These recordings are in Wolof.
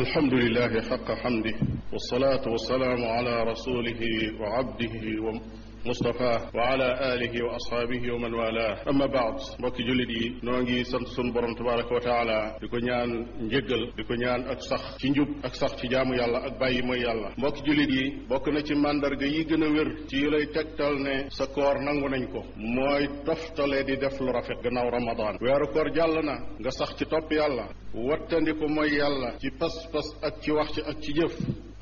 alhamdulilah xaqa xamdi wasalaatu wasalaamu ala rasulihi wa abdihi wa Moustapha wa ala alihi wa ashaabihi wa man wala amma baad mbokki jullit yi noo ngi sant sunu borom tabaraka wa taala di ko ñaan njëggal di ko ñaan ak sax ci njub ak sax ci jaamu yàlla ak bàyyi mooy yàlla mbokki jullit yi bokk na ci màndarga yi gën a wér ci yi lay tegtal ne sa koor nangu nañ ko mooy toftale di def lu rafet gannaaw ramadaan weer koor jàll na nga sax ci topp yàlla wattandiku mooy yàlla ci pas-pas ak ci wax ci ak ci jëf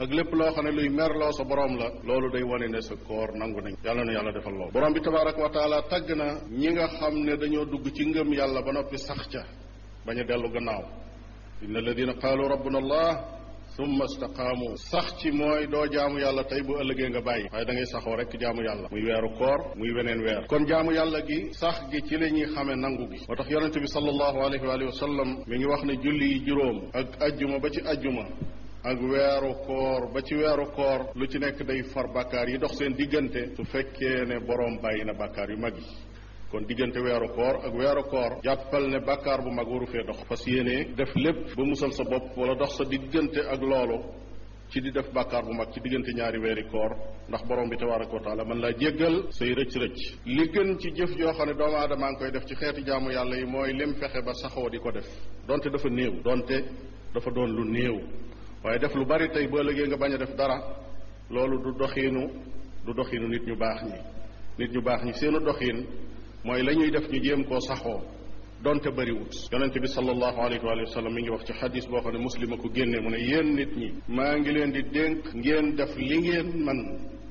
ak lépp loo xam ne luy merloo sa borom la loolu day wane sa koor nangu nañ yàlla na yàlla defal loolu borom bi tabaraka wa taala tagg na ñi nga xam ne dañoo dugg ci ngëm yàlla ba noppi sax ca bañ a dellu gannaaw inna alladina qaalu rabbuna allah summa istaqaamu sax ci mooy doo jaamu yàlla tey bu ëllëgee nga bàyyi waaye da ngay saxoo rek jaamu yàlla muy weeru koor muy weneen weer kon jaamu yàlla gi sax gi ci la ñuy xamee nangu gi moo tax yonente bi sallallahu alayhi wa sallam mi ngi wax ne julli yi juróom ak ajjuma ba ci ajjuma ak weeru koor ba ci weeru koor lu ci nekk day far bàkkaar yi dox seen diggante su fekkee ne boroom bàyyi na bàkkaar yu mag yi kon diggante weeru koor ak weeru koor jàppal ne bàkkaar bu mag waru fee dox fas yéene def lépp ba musal sa bopp wala dox sa diggante ak loolu ci di def bàkkaar bu mag ci diggante ñaari weeri koor ndax borom bi tabaraka wa taala mën laa jéggal say rëcc-rëcc li gën ci jëf yoo xam ne doomu aadama ngi koy def ci xeeti jaamu yàlla yi mooy lim fexe ba saxoo di ko def donte dafa néew donte dafa doon lu néew waaye def lu bari tey boo liggéey nga bañ a def dara loolu du doxiinu du doxiinu nit ñu baax ñi nit ñu baax ñi seenu doxin mooy lañuy def ñu jéem koo saxoo donte bëriwut yonente bi sallallahu alayhi wa sallam mi ngi wax ci xadis boo xam ne muslima ko génne mu ne yéen nit ñi maa ngi leen di dénk ngeen def li ngeen man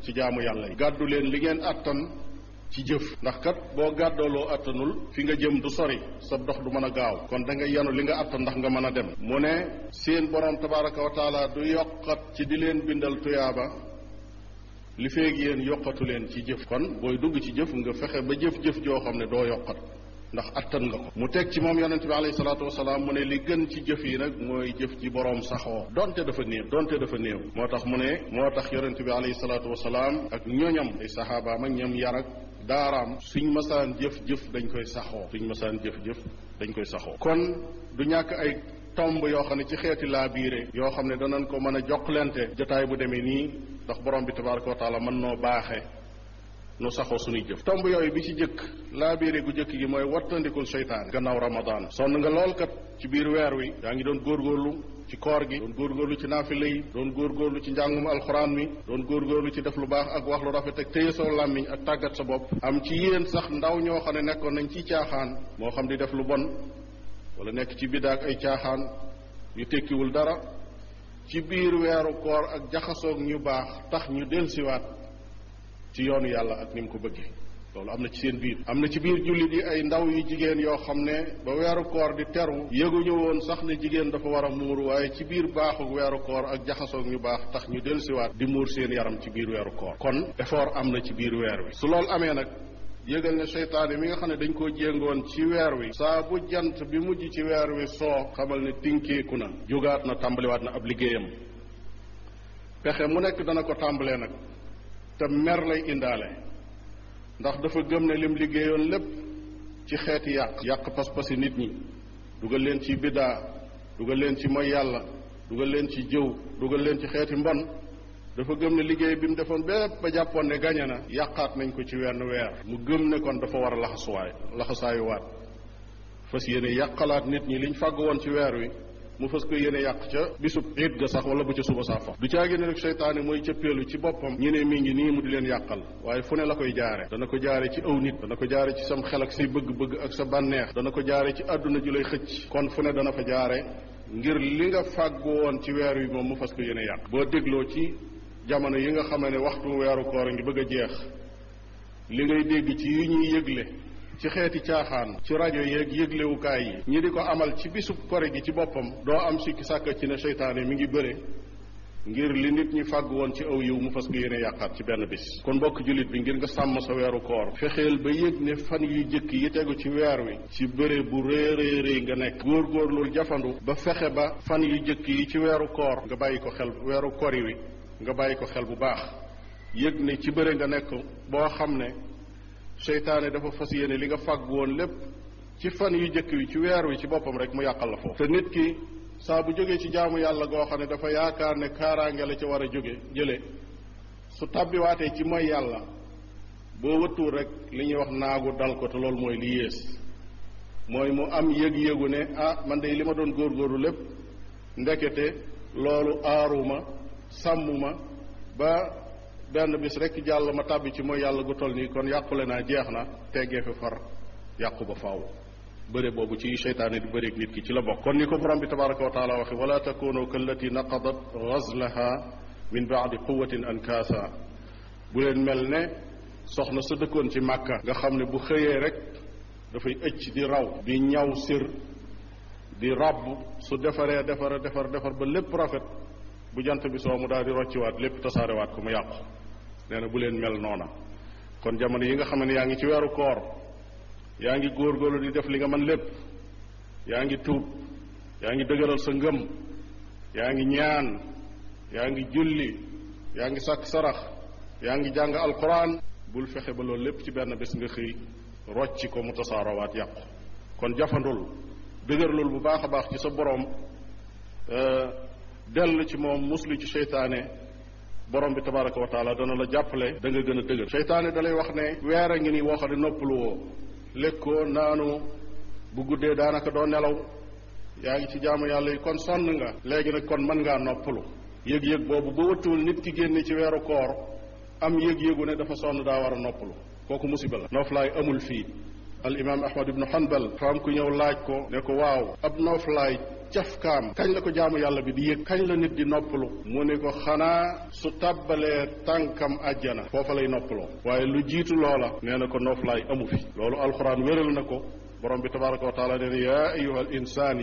ci jaamu yàlla yi gàddu leen li ngeen attan ci jëf ndax kat boo gàddooloo attanul fi nga jëm du sori sa dox du mën a gaaw kon da nga yanu li nga attan ndax nga mën a dem mu ne seen borom tabaraka wa taala du yokkat ci di leen bindal tuyaaba li feeg yéen yokkatu leen ci jëf kon booy dugg ci jëf nga fexe ba jëf-jëf joo xam ne doo yokkat ndax attan nga ko mu teg ci moom yonente bi alayhi salaatu wasalaam mu ne li gën ci jëf yi nag mooy jëf ji boroom saxoo donte dafa néew donte dafa néew moo tax mu ne moo tax yonente bi alayhi salaatu wasalaam ak ñoñam ay saxaabaam ak ñam yarak daaraam suñ masaan jëf-jëf dañ koy saxoo suñ masaan jëf-jëf dañ koy saxoo kon du ñàkk ay tomb yoo xam ne ci xeeti laa biire yoo xam ne danañ ko mën a jokkalante jataay bu demee nii ndax borom bi tabaraka wa taala mën noo baaxe nu saxoo suñuy jëf tomb yooyu bi ci jëkk laa biire gu jëkk gi mooy wattandikul seytaane gannaaw ramadan sonn nga lool kat ci biir weer wi yaa ngi doon góor góorlu ci koor gi doon góorlu ci naafila yi doon góorgóorlu ci njàngum alxuraan mi doon góorgóorlu ci def lu baax ak wax lu rafet ak téye sa làmmiñ ak tàggat sa bopp am ci yéen sax ndaw ñoo xam ne nekkoon nañ ci caaxaan moo xam di def lu bon wala nekk ci bidaak ay caaxaan yu tekkiwul dara ci biir weeru koor ak jaxasoog ñu baax tax ñu dellusiwaat ci yoonu yàlla ak ni mu ko bëggee loolu am na ci seen biir am na ci biir jullit yi ay ndaw yu jigéen yoo xam ne ba weeru koor di teru yëguñu woon sax na jigéen dafa war a muur waaye ci biir baaxu weeru koor ak jaxasoog ñu baax tax ñu dellusiwaat di muur seen yaram ci biir weeru koor kon effort am na ci biir weer wi su loolu amee nag yégal ne seytaane mi nga xam ne dañ koo jéngoon ci weer wi saa jant bi mujj ci weer wi soo xamal ne tinkeeku na jógaat na tàmbaliwaat na ab liggéeyam pexe mu nekk dana ko tàmbalee nag te mer lay indaale ndax dafa gëm ne lim liggéeyoon lépp ci xeeti yàq yàq pas-pasi nit ñi dugal leen ci biddaa dugal leen ci mooy yàlla dugal leen ci jëw dugal leen ci xeeti mbon dafa gëm ne liggéey bi mu defoon bépp ba jàppoon ne gañe na yàqaat nañ ko ci wenn weer mu gëm ne kon dafa war a laxasuwaay laxasaayuwaat fas yéene yàqalaat nit ñi liñ fàgg woon ci weer wi mu fas ko yéene yàq ca bisub iid ga sax wala bu ca suba saa fa du caagi ne rek seytaane mooy cëppeelu ci boppam ñu ne mi ngi nii mu di leen yàqal waaye fu ne la koy jaare dana ko jaare ci aw nit dana ko jaare ci sam xel ak say bëgg-bëgg ak sa bànneex dana ko jaare ci àdduna ju lay xëcc kon fu ne dana fa jaare ngir li nga fàggu woon ci weer wi moom mu fas ko yéene yàq boo dégloo ci jamono yi nga xam ne waxtu weeru koor ngi bëgg a jeex li ngay dégg ci yi ñuy yëgle ci xeeti caaxaan ci rajo yeeg yëglewukaay yi ñi di ko amal ci bisub kore gi ci boppam doo am sikki sàkka ci ne seytaane mi ngi bëre ngir li nit ñi fàgg woon ci aw yiw mu fas ko yéene yàqaat ci benn bis kon mbokk jullit bi ngir nga sàmm sa weeru koor fexeel ba yëg ne fan yu jëkk yi tegu ci weer wi ci bëre bu réy réy nga nekk góor góorgóorlul jafandu ba fexe ba fan yu jëkk yi ci weeru koor nga bàyyi ko xel weeru kori wi nga bàyyi ko xel bu baax yëg ne ci bëre nga nekk boo xam ne seytaane dafa fas yéene li nga fag woon lépp ci fan yu jëkk wi ci weer wi ci boppam rek mu yàqal la foofu te nit ki saa bu jógee ci jaamu yàlla goo xam ne dafa yaakaar ne kaaraange la ca war a jóge jële su tàbbiwaatee ci mooy yàlla boo wëttuwul rek li ñuy wax naagu dal ko te loolu mooy li yées mooy mu am yëg-yëgu ne ah man de li ma doon góorgóorlu lépp ndekete loolu aaruma sàmmuma ba benn bis rek jàll ma tàbbi ci mooy yàlla gu toll nii kon yàqule leenaa jeex na teggee fi far yàqu ba faw bëre boobu ci seytaane di bëreeg nit ki ci la bokk kon ni ko borom bi tabaraka wa taala waxe wala takunu kallati naqadat ghazlaha min baadi quwatin ankaasa bu leen mel ne soxna su dëkkoon ci màkka nga xam ne bu xëyee rek dafay ëcc di raw di ñaw sir di ràbb su defaree defar defar defar ba lépp rafet bu jant bi soo mu daal di rocciwaat lépp tasaarewaat ko mu yàqu nee na bu leen mel noona kon jamono yi nga xam ne yaa ngi ci weeru koor yaa ngi góor góorgóorlu di def li nga man lépp yaa ngi tuub yaa ngi dëgëral sa ngëm yaa ngi ñaan yaa ngi julli yaa ngi sàkk sarax yaa ngi jàng alquran bul fexe ba loolu lépp ci benn bés nga xëy rocci ko mu tasaarowaat yàqu kon jafandul dëgërlul bu baax a baax ci sa boroom euh, dellu ci moom muslu ci seytaane borom bi tabaraka wa taala dana la jàppale da nga gën a dëgër seytaane dalay wax ne weer a ngi ni woo xam ne noppalu woo lekkoo naanu bu guddee daanaka doo nelaw yaa ngi ci jaamu yàlla yi kon sonn nga léegi nag kon man ngaa noppalu yëg-yëg boobu ba wëttuwul nit ki génne ci weeru koor am yëg-yëgu ne dafa sonn daa war a noppalu kooku musiba la nooflaay amul fii al imam ahmad ibnu hanbal fa ku ñëw laaj ko ne ko waaw ab nooflaay cafkaam kañ la ko jaamu yàlla bi di yëg kañ la nit di noppalu mu ne ko xanaa su tàbbalee tànkam àjjana foofa lay noppaloo waaye lu jiitu loola nee na ko noflaay amu fi loolu alxuraan wéral na ko borom bi tabaraka wa taala nee na yaa ayuha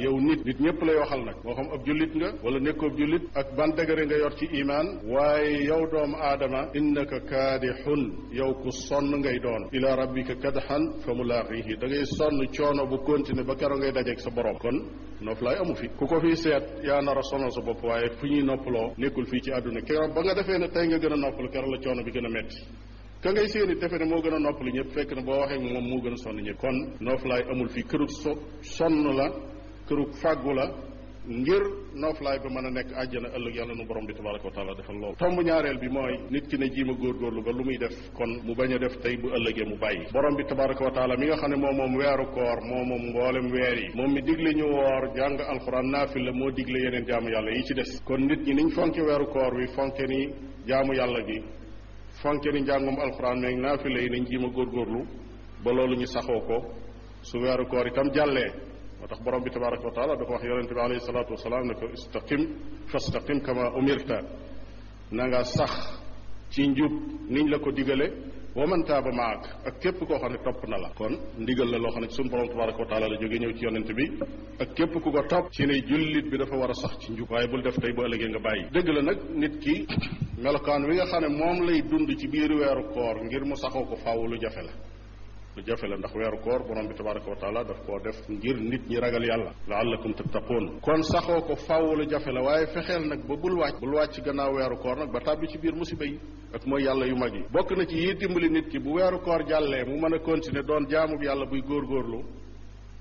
yow nit nit ñëpp lay waxal nag moo xam ab jullit nga wala nekkoob jullit ak ban dëgëre nga yor ci imaan waaye yow doomu aadama innaka kaadixun yow ku sonn ngay doon ila rabbika kadxan fa mulaaqihi da ngay sonn coono bu continuer ba kero ngay dajeeg sa borom kon noof laay amu fi ku ko fi seet yaa nara a sa bopp waaye fu ñuy noppaloo nekkul fii ci àdduna kero ba nga defee ne tey nga gën a kero la coono bi gën a metti ka ngay séen defe ne moo gën a noppali ñëpp fekk na boo waxee moom moo gën a sonn ñëpp kon nooflaay amul fii kërug so sonn la kërug fàggu la ngir nooflaay ba mën a nekk àjjana ëllëg yàlla nu borom bi tabaraka wa taala defal loolu tomb ñaareel bi mooy nit ki ne jiima góorgóorlu ba lu muy def kon mu bañ a def tey bu ëllëgee mu bàyyi borom bi tabaraka wa taala mi nga xam ne moom moom weeru koor moo moom weer yi moom mi digle ñu woor jàng alxuraan naafil la moo digle yeneen jaamu yàlla yi ci des kon nit ñi niñ fonke weeru koor wi fonke ni jaamu yàlla gi fonke ni njàngum alxuraan meeg naafile yi nañ jiim góor góorgóorlu ba loolu ñu saxoo ko su weeru koor itam jàlle moo tax borom bi tabaraka wa taala dafa wax yonente bi alayhi salaatu wasalaam ne ko istaqim fastaqim kama umirta na sax ci njub niñ la ko digale wa man maak ak képp koo xam ne topp na la kon ndigal la loo xam ne sunu borom tabaraka wa taala la jóge ñëw ci yonent bi ak képp ku ko topp ci ne jullit bi dafa war a sax ci njub bul def tey bu ëllëgee nga bàyyi dëgg la nag nit ki melokaan wi nga xam ne moom lay dund ci biir weeru koor ngir mu saxoo ko faaw jafe la lu jafe la ndax weeru koor borom bi tabaraka wa daf koo def ngir nit ñi ragal yàlla laallakum tattaqoon kon saxoo ko faaw lu jafe la waaye fexeel nag ba bul wàcc bul wàcc gannaaw weeru koor nag ba tàbbi ci biir musiba yi ak mooy yàlla yu mag yi bokk na ci yi dimbali nit ki bu weeru koor jàllee mu mën a continuer doon jaamu yàlla buy góorgóorlu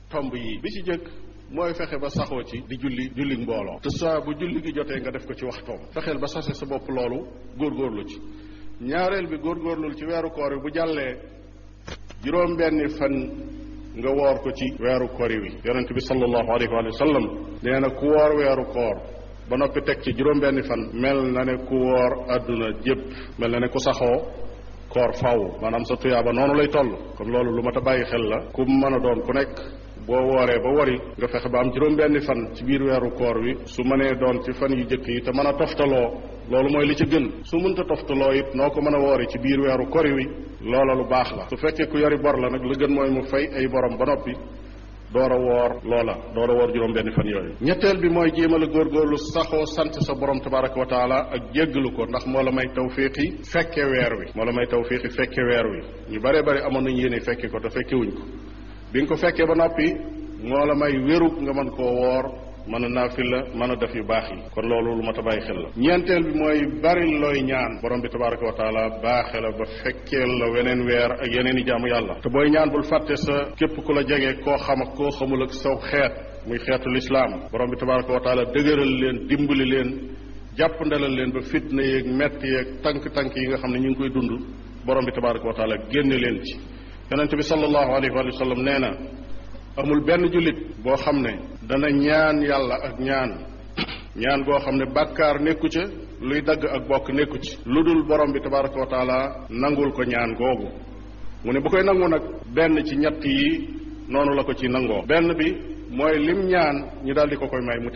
tomb yi bi ci jëkk mooy fexe ba saxoo ci di julli julli mbooloo te saa bu julli gi jotee nga def ko ci waxtoom fexeel ba sase sa bopp loolu góorgóorlu ci juróom benni fan nga woor ko ci weeru kori wi yonent bi sallallahu alayhi wa sallam nee ku woor weeru koor ba noppi teg ci juróom benni fan mel na ne ku woor àdduna jépp mel na ne ku saxoo koor faw maanaam sa tuyaaba noonu lay toll kon loolu lu mat a bàyyi xel la ku mën a doon ku nekk boo wooree ba wari nga fexe ba am juróom-benni fan ci biir weeru koor wi su mënee doon ci fan yu jëkk yi te mën a toftaloo loolu mooy li ci gën su mun mënta toftaloo it noo ko mën a woori ci biir weeru kori wi loola lu baax la su fekkee ku yori bor la nag la gën mooy mu fay ay borom ba noppi door a woor loola door a woor juróom benni fan yooyu ñetteel bi mooy jéemal a lu saxoo sant sa borom tabaraka wa taala ak jéggalu ko ndax moo la may tawfiqi fekke weer wi moo la may tawfiqi fekke weer wi ñu bare bare amoon nañu yéene fekke ko te bi nga ko fekkee ba noppi moo la may wérug nga mën koo woor mën a naafil la mën a def yu baax yi kon loolu lu ma ta bàyyi xel la ñeenteel bi mooy bari looy ñaan borom bi tabaraka wa taala baaxe la ba fekkeel la weneen weer ak yeneen i jaamu yàlla te booy ñaan bul fàtte sa képp ku la jege koo xam ak koo xamul ak saw xeet muy xeetu lislaam borom bi tabaraka wa taala dëgëral leen dimbali leen jàpp ndalal leen ba fitna yeeg metti yeeg tànk-tànk yi nga xam ne ñu ngi koy dund borom bi tabaraka génne leen ci yonent bi sallallahu alayhi wa sallam nee na amul benn jullit boo xam ne dana ñaan yàlla ak ñaan ñaan boo xam ne bàkkaar nekku ca luy dagg ak bokk nekku ci lu dul borom bi tabaraka wa taala nangul ko ñaan googu mu ne bu koy nangu nag benn ci ñett yi noonu la ko ci nangoo benn bi mooy lim ñaan ñu daldi ko koy may mu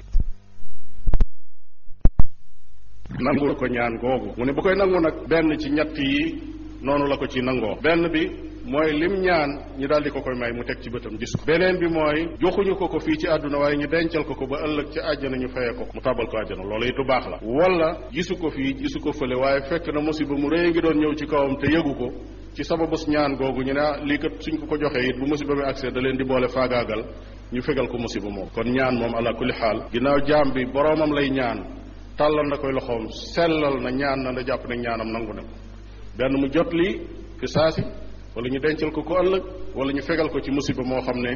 ko ñaan googu mu ne nag benn ci ñett yi noonu la ko ci nangoo benn bi mooy lim ñaan ñu daal di ko koy may mu teg ci bëtam gis ko beneen bi mooy joxuñu ko ko fii ci àdduna waaye ñu dencal ko ko ba ëllëg ci àjjana ñu fayee ko mu tàbbal ko àjjana loolu itu baax la wala gisu ko fii gisu ko fële waaye fekk na musiba mu rëy ngi doon ñëw ci kawam te yëgu ko ci sababus ñaan googu ñu ne ah, lii kat suñ ko ko joxee it bu musiba mi accès da leen di boole faagaagal ñu fegal ko musiba moom kon ñaan moom ala kulli xaal ginnaaw jaam bi boroomam lay ñaan tàllal na koy loxoom sellal na ñaan na na jàpp ne ñaanam nangu na ko benn mu jot lii wala ñu dencal ko ko ëllëg wala ñu fegal ko ci musiba moo xam ne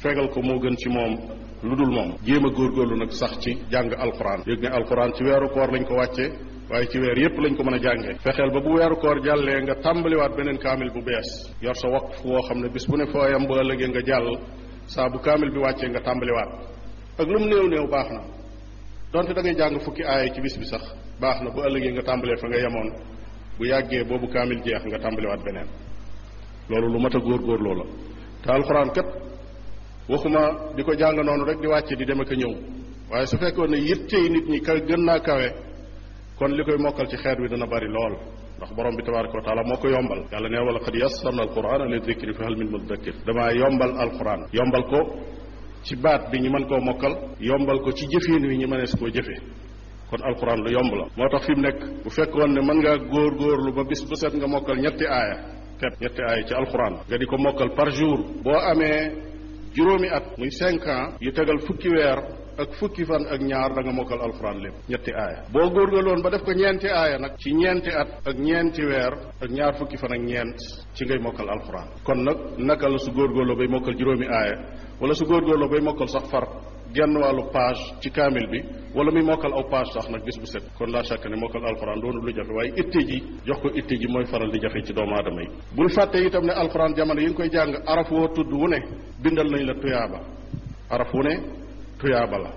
fegal ko moo gën ci moom lu dul moom jéem a góorgóorlu nag sax ci jàng alquran yëg ne alquran ci weeru koor lañ ko wàcce waaye ci weer yépp lañ ko mën a jàngee fexeel ba bu weeru koor jàllee nga tàmbaliwaat beneen kaamil bu bees yor sa waqf woo xam ne bis bu ne fooyam ba ëllëgee nga jàll saa bu kaamil bi wàccee nga tàmbaliwaat ak lu mu néew néew baax na donte da jàng fukki aaya ci bis bi sax baax na bu ëllëgee nga tàmbalee fa nga yemoon bu yàggee boobu kaamil jeex nga tàmbaliwaat beneen loolu lu mat a góorgóorloo la te alxuraan kat waxuma di ko jàng noonu rek di wàcce di dem ak a ñëw waaye su fekkoon ne yittey nit ñi ka gën naa kawe kon li koy mokkal ci xeer wi dana bari lool ndax borom bi tabaraka moo ko yombal yàlla nee wala qad yassarna alquran li dikri fa hal min mudakkir yombal ko ci baat bi ñu mën koo mokkal yombal ko ci jëfin wi ñu mënees koo jëfe kon alquran lu yomb la moo tax fi mu nekk bu fekkoon ne mën ngaa góor góorlu ba bis bu set nga mokkal ñetti aaya pepp ñetti aay ci alxuraan nga di ko mokkal par jour boo amee juróomi at muy cinq ans yu tegal fukki weer ak fukki fan ak ñaar da nga mokkal alxuraan lépp ñetti aaya boo góor góorgóorloon ba def ko ñeenti aaya nag ci ñeenti at ak ñeenti weer ak ñaar fukki fan ak ñeent ci ngay mokkal alxuraan kon nag naka la su góorgóorloo bay mokkal juróomi aaya wala su góorgóorloo bay mokkal sax far genn wàllu page ci kaamil bi wala muy mokkal aw page sax nag bis bu set kon laa shakk ne mokkal alxuraan doonu lu jafe waaye itte ji jox ko itte ji mooy faral di jafe ci doomu aadama yi bul fàtte itam ne alxuraan jamono yi nga koy jàng araf woo tudd wu ne bindal nañ la tuyaaba araf wu ne tuyaaba la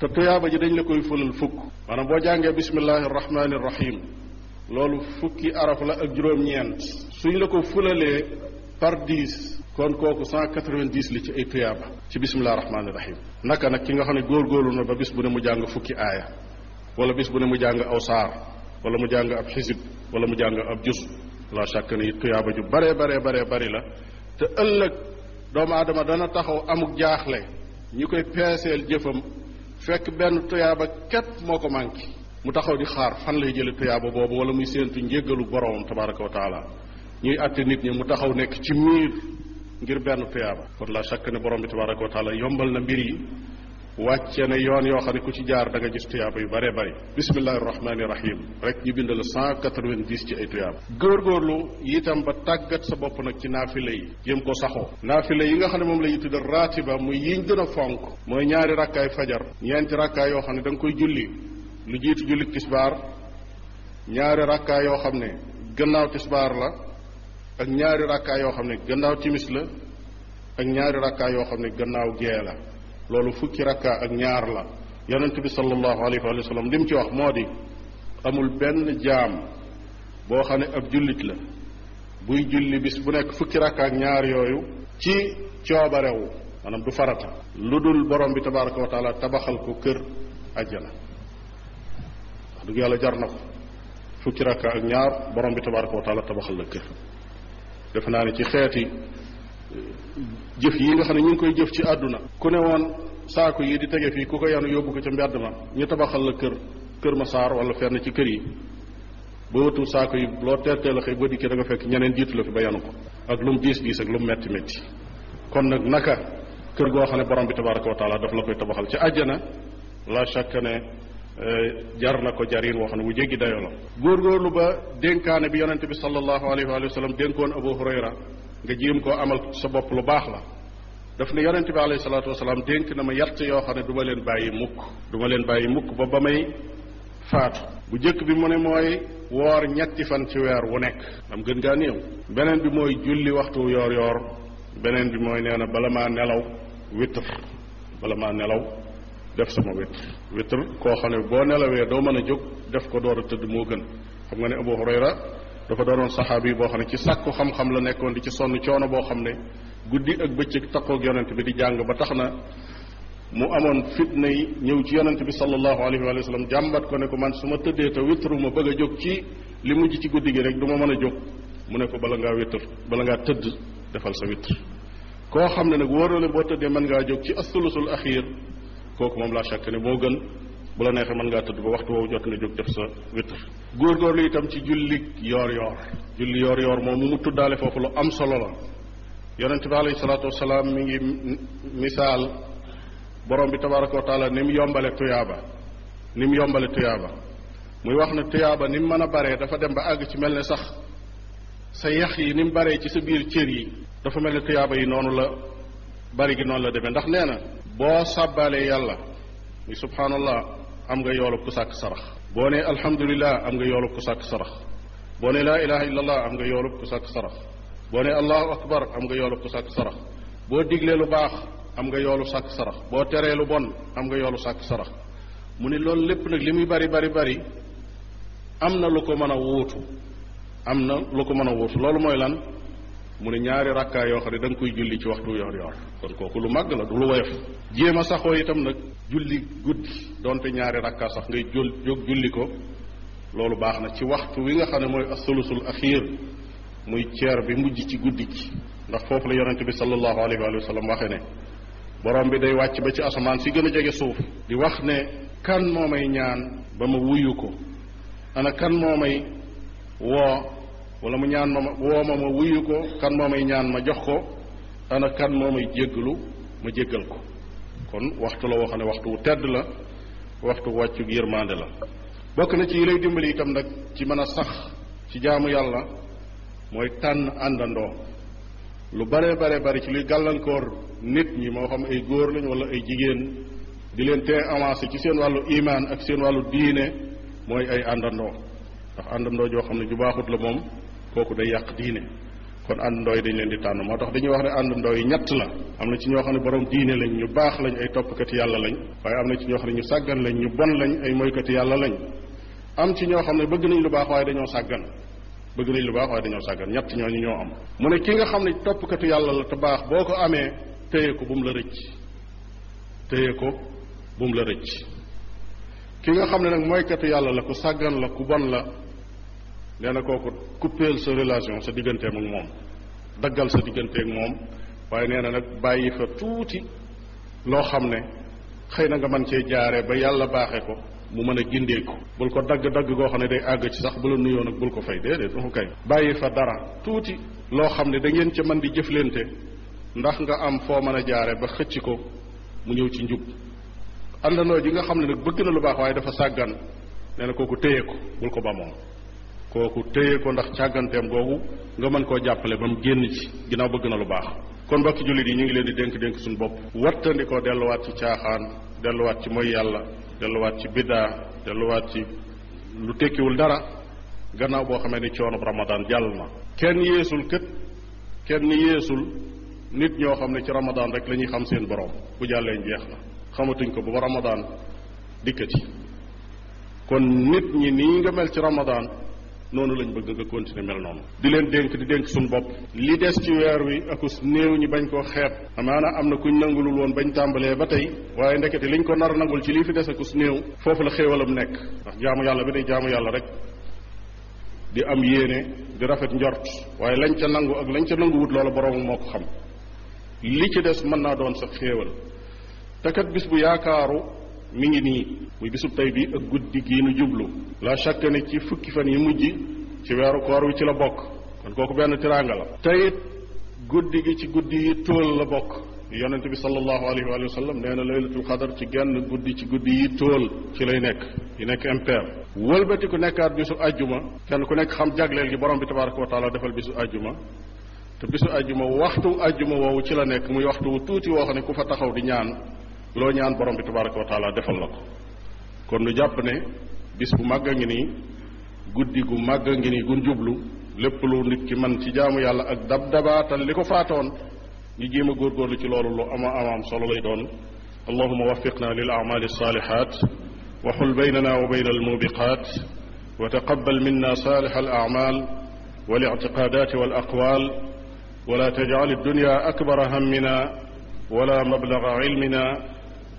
te tuyaaba ji dañ la koy fulal fukk maanaam boo jàngee bismillahi rahmaani rahim loolu fukki araf la ak juróom-ñeent suñ la ko fulalee par dix kon kooku cent quatre-vingt-dix li ci ay tuyaaba ci bisimilah rahmaani rahim naka nag ki nga xam ne góor góoru na ba bis bu ne mu jàng fukki aaya wala bis bu ne mu jàng aw saar wala mu jàng ab xisib wala mu jàng ab jus la chaque ni tuyaaba ju baree baree baree bari la te ëllëg doomu aadama dana taxaw amug jaaxle ñi koy peeseel jëfam fekk benn tuyaaba képp moo ko manqué mu taxaw di xaar fan lay jële tuyaaba boobu wala muy séentu njéggalu boromam tabaraka wa taala ñuy àtte mu taxaw nekk ci miir ngir benn tuyaaba kon la chaque ne borom bi tabaraka wa taala yombal na mbir yi wàcce na yoon yoo xam ne ku ci jaar da nga gis tuyaaba yu bëree bëri bismillahi rahmaani rahim rek ñu bind la cent quatre vingt ci ay góor góorgóorlu itam ba tàggat sa bopp nag ci naafila yi jéem ko saxoo naafila yi nga xam ne moom la ñu tuddee raatiba mu yiñ gën a fonk mooy ñaari rakkaay fajar ñeenti ràkkaay yoo xam ne da nga koy julli lu jiitu julli tisbaar ñaari rakkaay yoo xam ne gannaaw tisbaar la ak ñaari rakkaa yoo xam ne gannaaw timis la ak ñaari rakkaa yoo xam ne gannaaw gee la loolu fukki rakkaa ak ñaar la yonent bi sallallahu alayhi wa li mu ci wax moo di amul benn jaam boo xam ne ab jullit la buy julli bis bu nekk fukki rakka ak ñaar yooyu ci coobarewu maanaam du farata lu dul borom bi tabaraka wa taala tabaxal ko kër ajjana wax dëgg yàlla jar na ko fukki rakka ak ñaar borom bi tabaraka wa taala tabaxal la kër defe naa ne ci xeeti jëf yi nga xam ne ñu ngi koy jëf ci àdduna ku ne woon saako yi di tege fii ku ko yanu yóbbu ko ca mbedd ma ñu tabaxal la kër kër ma saar wala fenn ci kër yi ba wëtu saako yi loo teertee a xëy ba dikkee da fekk ñeneen jiitu la fi ba yanu ko ak lu mu diis diis ak lu mu metti métti kon nag naka kër goo xam ne borom bi tabaraka wa taala la koy tabaxal ci àjjana la chaque ne Euh, jar na ko jariñ woo xam ne bu jéggi dayo la góorgóorlu ba dénkaane bi yonente bi sallallahu alayhi wa sallam dénkoon Abu Hurayra nga jéem koo amal sa bopp lu baax la daf ne yonente bi alayhi salaatu wasalaam dénk na ma yett yoo xam ne duma leen bàyyi mukk du ma leen bàyyi mukk ba ba may faatu bu jëkk bi mu ne mooy woor ñetti fan ci weer wu nekk am gën gaa néew beneen bi mooy julli waxtu yoor yoor beneen bi mooy nee na bala maa nelaw witr bala maa nelaw def sama wit witr koo xam ne boo nelawee doo mën a jóg def ko door a tëdd moo gën xam nga ne Abu Hurayra dafa doonoon saxaabi yi boo xam ne ci sàkku xam-xam la nekkoon di ci sonn coono boo xam ne guddi ak bëccëg takkoog yonent bi di jàng ba tax na mu amoon fitna yi ñëw ci yonent bi sallallahu alayhi wa sallam jàmbat ko ne ko man su ma tëddee te witru ma bëgg a jóg ci li mujj ci guddi gi rek du ma mën a jóg mu ne ko bala ngaa witr bala ngaa tëdd defal sa witr koo xam ne nag wóor na boo tëddee mën ngaa jóg ci asulusul axiir kooku moom laa chaque ne moo gën bu la neexee mën ngaa tëdd ba waxtu woowu jot nga jóg def sa góor lu itam ci julli yoor yoor julli yoor yoor moom mu tuddaale foofu lu am solo la yonente bi alayhi salaatu wasalaam mi ngi misaal borom bi tabaraka wa taala mu yombale tuyaaba ni mu yombale tuyaaba muy wax ne tuyaaba ni mu mën a baree dafa dem ba àgg ci mel ne sax sa yax yi ni mu baree ci sa biir cër yi dafa mel ne tuyaaba yi noonu la bari gi noonu la demee ndax nee na boo sàbbaalee yàlla muy subhaanallah am nga yoolub ku sàkk sarax boo ne alhamdulilah am nga yoolub ku sàkk sarax boo ne laa ilaha am nga yoolub ku sàkk sarax allahu akbar am nga yoolub ku sàkk sarax boo diglee lu baax am nga yoolu sàkk sarax boo teree lu bon am nga yoolu sàkk sarax mu ni loolu lépp nag li muy bari bari bari am na lu ko mën a wuutu am na lu ko mën a wuutu loolu mooy lan mu ne ñaari ràkkaay yoo xam ne da koy julli ci waxtu yor yor kon kooku lu màgg la du lu woyof jéem a saxoo itam nag julli guddi donte ñaari rakkaa sax ngay jul jóg julli ko loolu baax na ci waxtu wi nga xam ne mooy asulusul axiir muy ceer bi mujj ci guddi gi ndax foofu la yonente bi sallallahu alayhi wa sallam waxe ne borom bi day wàcc ba ci asamaan si gën a jege suuf di wax ne kan moo may ñaan ba ma wuyu ko ana kan moo may woo wala mu ñaan ma ma woo ma ma wuyu ko kan moo may ñaan ma jox ko ana kan moo may jéggalu ma jéggal ko kon waxtu la woo xam ne waxtu wu tedd la waxtu wàccu yërmande la bokk na ci yi lay dimbali itam nag ci mën a sax ci jaamu yàlla mooy tànn àndandoo lu bare bare bari ci luy gàllankoor nit ñi moo ay góor lañ wala ay jigéen di leen tee ci seen wàllu imaan ak seen wàllu diine mooy ay àndandoo ndax àndandoo joo xam ne ju baaxut la moom kooku day yàq diine kon àndandoo ndooy dañ leen di tànn moo tax dañuy wax ne àndandoo yi ñett la am na ci ñoo xam ne borom diine lañ ñu baax lañ ay toppkati yàlla lañ waaye am na ci ñoo xam ne ñu sàggan lañ ñu bon lañ ay moykati yàlla lañ am ci ñoo xam ne bëgg nañ lu baax waaye dañoo sàggan bëgg nañ lu baax waaye dañoo sàggan ñett ñooñu ñoo am mu ne ki nga xam ne toppkatu yàlla la te baax boo ko amee tëye ko bu mu la rëcc téye ko bu mu la rëcc nga xam ne nag moykatu yàlla la ku sàggan la ku bon la nee na kooku coupeel sa relation sa digganteem ak moom daggal sa digganteeg moom waaye nee na nag bàyyi fa tuuti loo xam ne xëy na nga man cee jaare ba yàlla baaxee ko mu mën a ko bul ko dagg-dagg goo xam ne day àgg ci sax bu la nuyoo nag bul ko fay déedéet waxu kay bàyyi fa dara tuuti loo xam ne da ngeen ca mën di jëflante ndax nga am foo mën a jaare ba xëcc ko mu ñëw ci njub àndandoo ji nga xam ne nag bëgg na lu baax waaye dafa sàggan nee kooku téye ko bul ko ba moom kooku téye ko ndax càgganteem googu nga mën koo jàppale ba mu génn ci ginnaaw bëgg na lu baax kon mbokki jullit yi ñu ngi leen di dénk-dénk suñu bopp wattandi ko delluwaat ci caaxaan delluwaat ci mooy yàlla delluwaat ci biddaa delluwaat ci lu tekkiwul dara gannaaw boo xamee ni coonub ramadan jàll na kenn yeesul kët kenn yeesul nit ñoo xam ne ci ramadan rek lañuy ñuy xam seen borom bu jàllee jeex na xamatuñ ko bu ba ramadan dikkati kon nit ñi nii nga noonu lañ bëgg nga continuer mel noonu di leen dénk di dénk suñu bopp li des ci weer wi akus néew ñi bañ koo xeeb naa am na kuñ nangulul woon bañ tàmbalee ba tey waaye ndekete liñ ko nar a nangul ci lii fi des akus néew foofu la xéewalam nekk ndax jaamu yàlla bi day jaamu yàlla rek di am yéene di rafet njort waaye lañ ca nangu ak lañ ca nanguwut loola boroom moo ko xam li ci des mën naa doon sax xéewal te bis bu yaakaaru mi ngi nii muy bisub tey bii ak guddi gii nu jublu la chaque ne ci fukki fan yi mujj ci weeru koor wi ci la bokk kon kooku benn tiraanga la teyit guddi gi ci guddi yi tóol la bokk yonente bi sallallahu alayhi wa sallam nee na laylatul qadar ci genn guddi ci guddi yi tóol ci lay nekk yi nekk impair wëlbati ku nekkaat bisu ajjuma kenn ku nekk xam jagleel gi borom bi tabaraka wa taala defal bisu ajjuma te bisu ajjuma waxtu ajjuma woowu ci la nekk muy waxtu wu tuuti woo xam ne ku fa taxaw di ñaan loo ñaan borom bi tabaraka wa taala defal la ko kon nu jàpp ne bis bu màgg a ngi nii guddi gu màgg a ngi nii gun jublu lépp lu nit ki man ci jaamu yàlla ak dab dabaatal li ko faatoon ñu jéem a góorgóorlu ci loolu lu ama amaam solo lay doon allahuma waffiqna lil amali salihat waxul baynana wa bayn almubiqat wa taqabal minna salih al amal wal ictiqadat wal aqwal wala tajcal addunya akbara hammina wala mablaga cilmina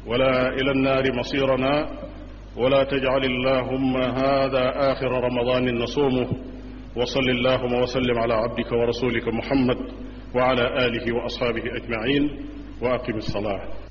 ولا إلى النار مصيرنا ولا تجعل اللهم هذا آخر رمضان نصومه وصل اللهم وسلم على عبدك ورسولك محمد وعلى آله وأصحابه أجمعين وأقم الصلاة